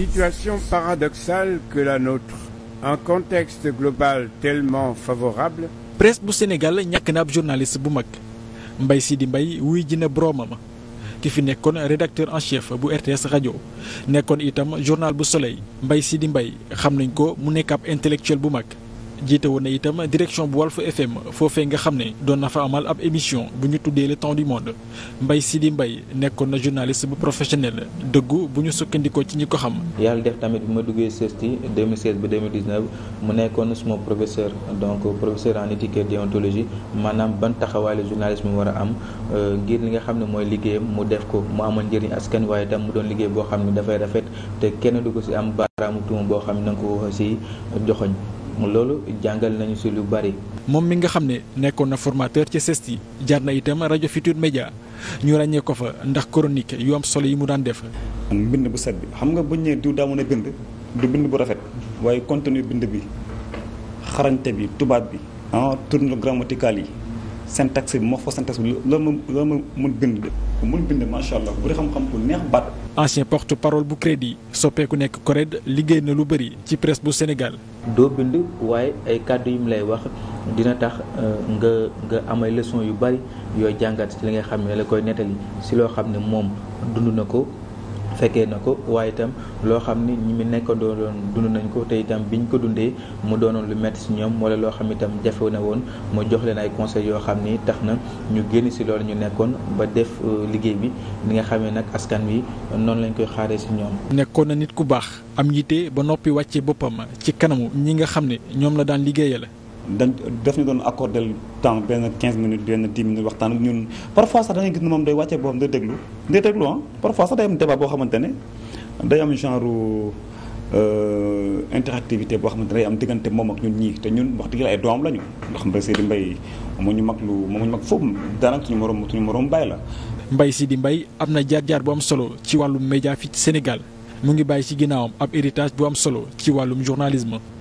Situation paradoxale que la nôtre, un contexte global tellement favorable. presse bu Sénégal ñàkk na ab journaliste bu mag mbay Mbaye di mbay wuy ji na boromam ki fi nekkoon rédacteur en chef bu RTS rajo nekkoon itam journal bu Soleil Mbaye di mbay xam nañ ko mu nekk ab intellectuel bu mag. jiite woon na itam direction bu Walf FM foofee nga xam ne doon na fa amal ab émission buñu ñu tuddee le temps du monde si di mbay nekkoon na journaliste bu professionnel dëggu bu ñu sukkandikoo ci ñi ko xam. yàlla def tamit bi ma duggee CESTI 2016 ba 2019 mu nekkoon suma professeur donc professeur en éthique et déontologie maanaam ban taxawaay la journalisme war a am euh, ngir li nga xam ne mooy liggéeyam mu def ko mu amal njëriñ askan waaye tam mu doon liggéey boo xam ne dafay rafet te kenn du ko si am baaraamu boo xam ne ko si joxoñ loolu jàngale nañu si lu bari. moom mi nga xam ne nekkoon na formateur ci CESTI jaar na itam rajo Futurs média ñu ràññee ko fa ndax chronique yu am solo yi mu daan def. bind bu set bi xam nga bu ñu nee diw daa mën a gënd du bind bu rafet waaye contenu bind bi xarañte bi tubaab bi. ah tournure grammatical yi syntaxe bi morphosyntaxe bi loolu moom loolu moom mun bind de mun bind macha allah bu dee xam-xam bu neex baat. ancien porte parole bu crédit soppeeku nekk CORED liggéey na lu bëri ci presse bu Sénégal. doo bind waaye ay kàddu yu mu lay wax dina tax euh, nga nga amay leçon yu bari yooy jàngat ci li nga xam ne la koy nettali si loo xam ne moom dund na ko. fekkee na ko waaye itam loo xam ni ñi mi nekkandoo doon dund nañ ko te itam bi biñ ko dundee mu doonoon lu metti ci ñoom wala loo xam itam jafe na woon mu jox leen ay conseils yoo xam ni tax na ñu génn ci loolu ñu nekkoon ba def euh, liggéey bi ni nga xamee nag askan wi noonu lañ koy xaaree ci ñoom. nekkoon na nit ku baax am yitte ba noppi wàccee boppam ci kanamu ñi nga xam ne ñoom la daan la dañ daf ñu doon del temps benn 15 minutes benn 10 minutes waxtaan ak ñun parfois sax da ngay gis ne moom day wàccee boppam day déglu day déglu ah parfois sax day am débat boo xamante ne day am genre euh, interactivité boo xamante ne day am diggante moom ak ñun ñii te ñun wax dëgg ay doom lañu ndax Mbaye Sidi Mbaye moo ñu mag lu moo mag foofu daanaka suñu morom suñu morom Mbaye la. sii di mbay am na jaar-jaar bu am solo ci wàllum média fii ci Sénégal mu ngi bàyyi ci ginnaawam ab héritage bu am solo ci wàllum journalisme.